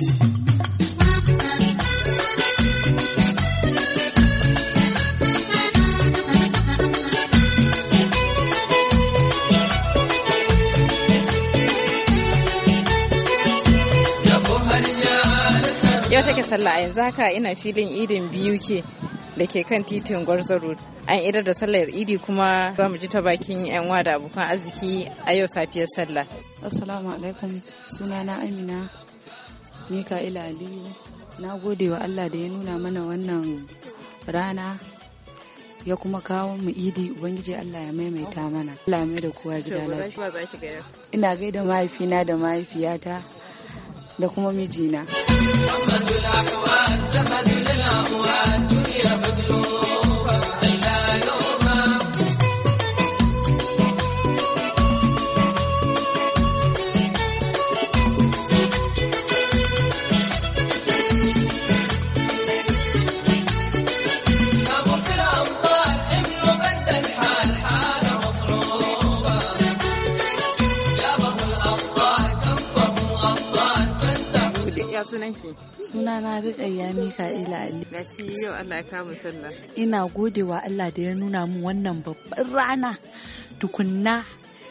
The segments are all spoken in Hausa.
yau take sallah a yanzu haka ina filin idin biyu ke da ke kan titin gwarzo road an idar da sallar idi kuma za mu ji ta bakin yan da abokan arziki a yau safiyar sallah assalamu alaikum sunana amina ila Aliyu na gode wa Allah da ya nuna mana wannan rana ya kuma kawo mu idi ubangiji Allah ya maimaita mana Allah mai da kowa gida lafiya ina gaida mahaifina da mahaifiyata da kuma mijina sunanki? Suna na mika ila Ali. Na shi yau Allah ya kama Ina godewa Allah da ya nuna min wannan babban rana tukunna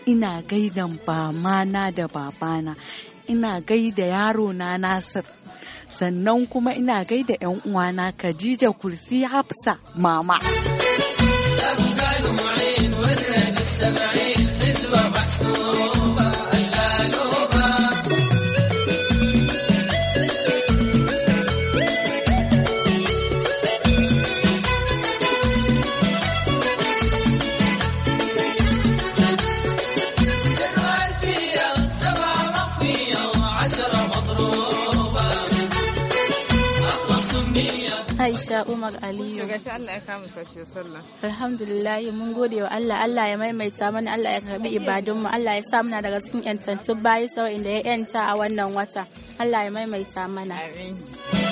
ina gaidan bamana da babana ina gaida yaro na Nasir sannan kuma ina gaida yan uwana Khadija Kursi Hafsa mama. Umar Aliyu. To gashi Allah ya kama sarki sallah. Alhamdulillah mun gode wa Allah Allah ya maimaita mana Allah ya karbi ibadunmu Allah ya samuna muna daga cikin yantattun bayi sau inda ya yanta a wannan wata. Allah ya maimaita mana. Amin.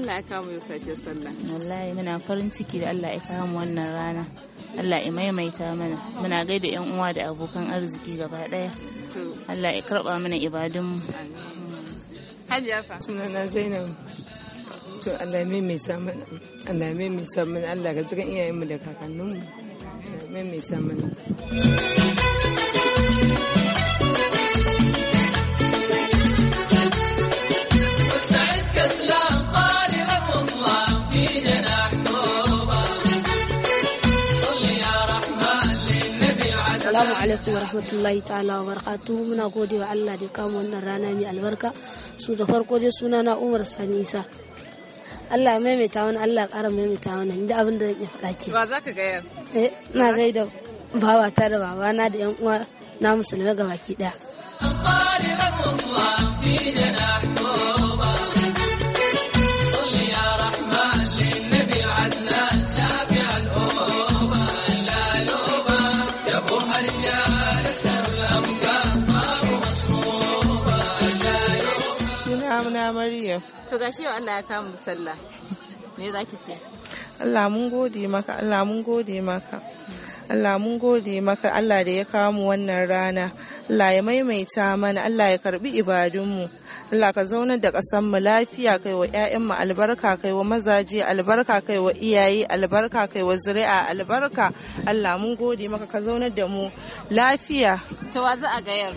Allah ya kawo yau sake sallah wallahi muna farin ciki da Allah ya kawo mu wannan rana Allah ya maimaita mana muna gaida ƴan uwa da abokan arziki gaba ɗaya. Allah ya karɓa mana ibadun mu Hajiya fa sunana Zainab to Allah ya maimaita mana Allah ya maimaita mana Allah ka jikan iyayenmu da kakanninmu Allah ya maimaita mana Assalamu alaikum warahmatullahi ta'ala wa barakatu muna gode wa Allah da kama wannan rana mai albarka su da farko dai suna na Umar Sanisa Allah ya maimaita wani Allah ya ƙara maimaita wani inda abin da zan faɗa ke. Ba za ka gaya? Eh, na gaida bawa ta da baba na da yan uwa na musulmai gabaki daya na Maryam. To gashi yau Allah ya kama sallah. Me za ki ce? Allah mun gode maka, Allah mun gode maka. Allah mun gode maka Allah da ya kawo mu wannan rana. Allah ya maimaita mana, Allah ya karbi ibadunmu. Allah ka zaunar da ƙasar mu lafiya kai wa mu albarka kai wa mazaje albarka kai wa iyaye albarka kai wa zuri'a albarka. Allah mun gode maka ka zaunar da mu lafiya. To wa za a gayar?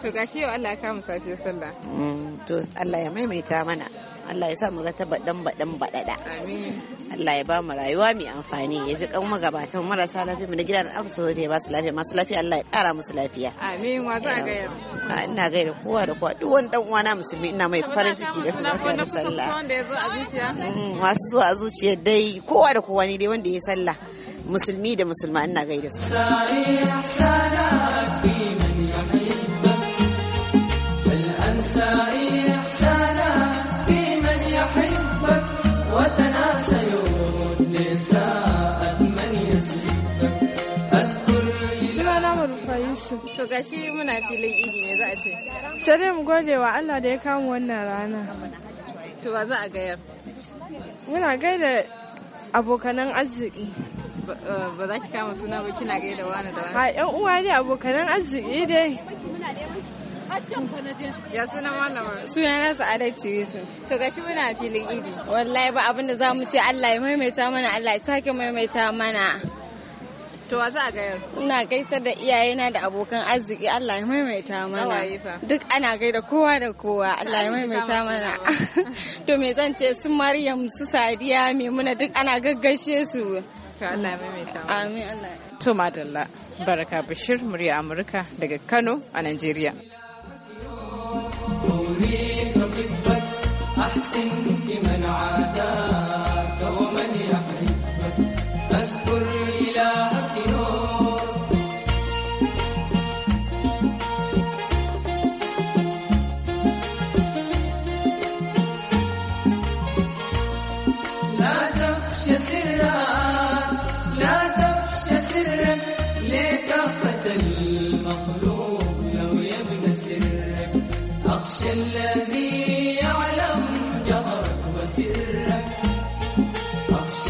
To gashi yau Allah ya kama safiyar sallah. Mm, to Allah ya maimaita mana. Allah ya sa mu ga ta baɗan baɗan Amin. Allah ya ba mu rayuwa mai amfani ya ji kan magabatan marasa lafiya mu da gidan afsu da ya ba su lafiya masu lafiya Allah ya ƙara musu lafiya. Amin wa za a gaya. Ah, ina gaida kowa da kowa duk wani dan uwana musulmi ina mai farin ciki da lafiyar sallah. Mm, masu zuwa a zuciya dai kowa da kowa ne dai wanda ya sallah musulmi da musulma ina gaida su. su. To gashi muna filin idi me za a ce? Sai dai mu gode wa Allah da ya kama wannan rana. To za a gayar? Muna gaida abokanan arziki. Ba eh, za ki kama suna ba kina gaida wani da wani? Ha uwa ne abokanan arziki dai. Ya suna malama. Suna na sa'adar Yusuf. To gashi muna filin idi. Wallahi ba abinda za mu ce Allah ya maimaita mana Allah ya sake maimaita mana. To wa za a gayar? Ina gaisar da iyayena da abokan arziki Allah ya maimaita mana. Duk ana gaida kowa da kowa Allah ya maimaita mana. To me zan ce su Maryam su Sadiya Maimuna duk ana gaggashe su. To Allah ya maimaita mana. Amin Allah. To madalla Baraka Bashir murya Amurka daga Kano a Najeriya.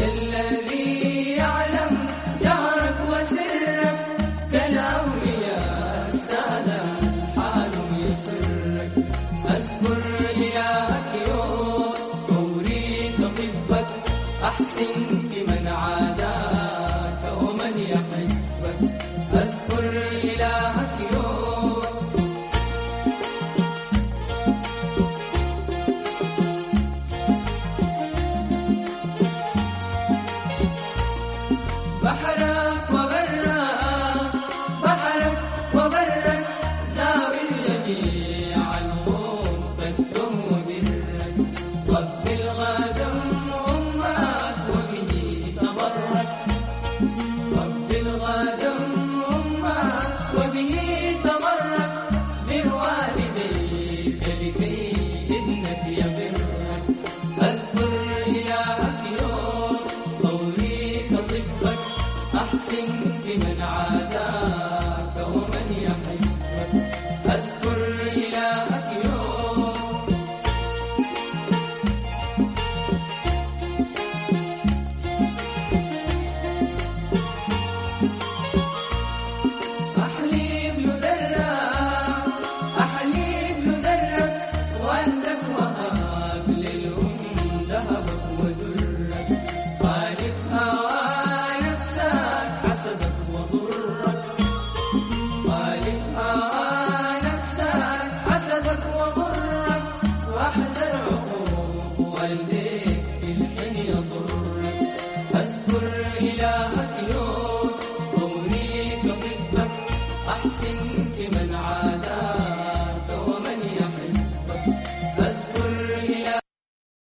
وسلم Tôi vì nghĩ